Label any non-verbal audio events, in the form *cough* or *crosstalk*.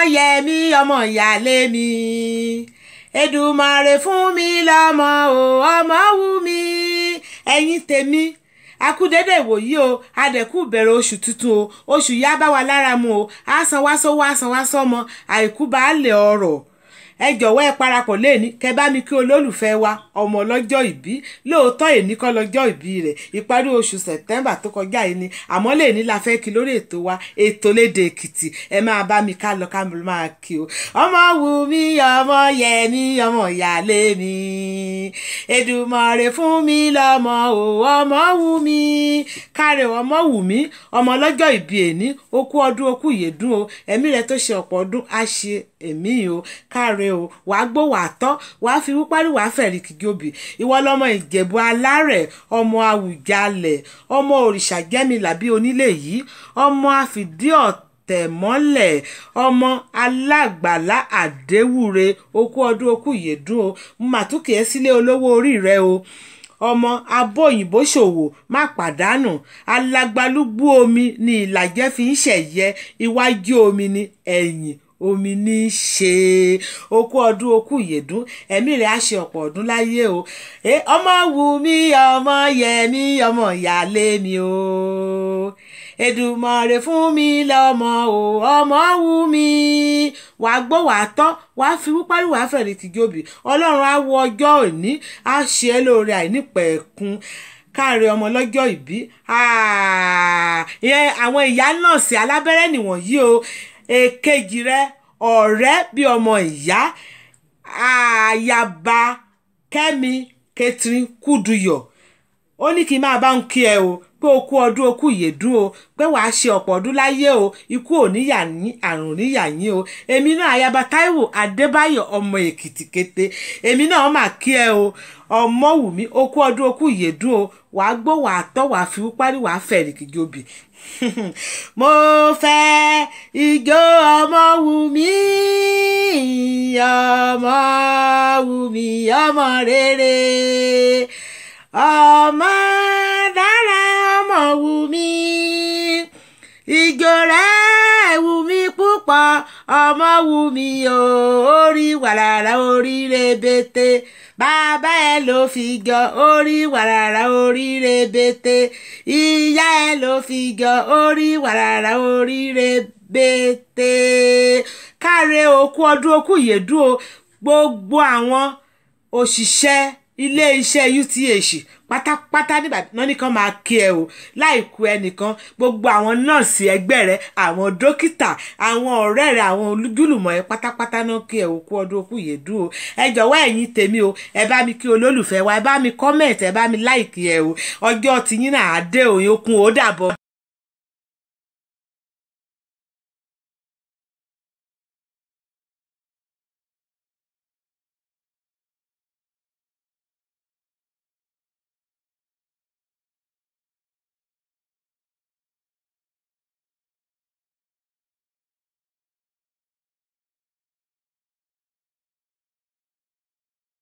Ọláyẹmí ọmọ ìyáálé mi Èdùmàrè fún mi lọ́mọ o ọmọ wù mí ẹ̀yin tèmi akúdédé ìwòyí o adẹ̀kú bẹ̀rẹ̀ oṣù tuntun o oṣù yá bá wa lára mu o àsanwásówó àsanwásọ́mọ àìkú baálé ọrọ̀ ẹ jọ̀wọ́ ẹ parapọ̀ léèní kẹ́ bá mi kí olólùfẹ́ wa ọmọ lọ́jọ́ ìbí lóòótọ́ èní kọ́ lọ́jọ́ ìbí rẹ̀ ìparí oṣù September tó kọjá yìí ni àmọ́ léèní la fẹ́ kí lórí ètò wa ètò léde Èkìtì ẹ máa bá mi ká lọ ká máa kí o ọmọ wù mí ọmọ yẹ mí ọmọ ìyáálé mi Èdùmàrè fún mi lọ́mọ o ọmọ wù mí káre ọmọ wù mí ọmọ lọ́jọ́ ìbí èní ó kú ọdún ó kú ìyèdún o ẹ̀mí rẹ̀ tó ṣe ọ̀pọ̀ ọdún á ṣe èmí o káre o wàá gbó wàá tọ́ wàá fi wípárí wàá fẹ̀rí kìgíòbì ìwọ lọmọ ìjẹ̀bú alárẹ̀ ọmọ àwùjalẹ̀ ọmọ òrìṣà jẹ́milàbí onílé yìí ọmọ àfìdíọ̀tọ̀ tẹ̀mọ́lẹ̀ ọmọ alágbàlá àdéwúre okú ọdún okú ìyèdún o màtúkì ẹ sílé olówó orí rẹ o ọmọ abóyìnbó ṣòwò má pàdánù alágbálúgbú omi ni ìlàjẹ fi ń ṣẹ̀yẹ iwájú omi ni ẹ̀yìn omi ní í ṣe okú ọdún okú ìyèdún ẹ̀mí rẹ̀ á ṣe ọ̀pọ̀ ọdún láyé o ọmọ wù mí ọmọ yẹ mí ọmọ ìyáálé mi o èdùmọ̀rè fún mi lọ́mọ o ọmọ wù mí wàá gbọ́ wàá tọ́ wàá fi wípárí wàá fẹ̀rẹ̀ tìjọ́bì ọlọ́run á wọ ọjọ́ òní á ṣe é lóore àìnípẹ̀ẹ́kun káàrí ọmọ lọ́jọ́ ìbí àwọn ìyá nọ́ọ̀sì alábẹ́rẹ́ nìwọ̀nyí o èkejì rẹ ọ̀rẹ́ bí ọmọ ìyá àyàbá kẹ́mi catherine kúdùyọ̀ ó ní kí n máa bá ń kí ẹ o pé o kú ọdún o kú ìyèdún o pé wàá ṣe ọ̀pọ̀ ọdún láyé o ikú ò níyà yín àrùn níyà yín o èmi náà ayaba Táíwò Adébáyọ̀ ọmọ Èkìtì kété èmi náà mà kí ẹ o ọmọ wùmí o kú ọdún o kú ìyèdún o wàá gbó wàá tọ́ wàá fi wúpárí wàá fẹ̀rì kìjọbì *laughs* mo fẹ́ ìjó ọmọ wùmí ọmọ wùmí ọmọ rere ọmọ dára ọmọ wù mí ìjọ rẹ̀ wù mí púpọ̀ ọmọ wù mí o orí wàràrà orí rebete bàbá ẹ ló fi jọ orí wàràrà orí rebete ìyá ẹ ló fi jọ orí wàràrà orí rebete káre okú ọdún okú ìyèdú o gbogbo àwọn òṣìṣẹ́ ilé-iṣẹ́ UTH pátápátá nígbà náà nìkan máa kí ẹ o láìkú ẹnìkan gbogbo àwọn nọ́ọ̀sì ẹgbẹ́ rẹ àwọn dókítà àwọn ọ̀rẹ́ rẹ àwọn olùjúlùmọ̀ ẹ pátápátá náà kí ẹ o kú ọdún okú yèédú o ẹ jọ̀wọ́ ẹ̀yin tèmi o ẹ bá mi kí olólùfẹ́ wa ẹ bá mi kọ́mẹ̀tì ẹ bá mi láìkì ẹ o ọjọ́ tiyín náà á dé òyìn okun ó dàbọ̀.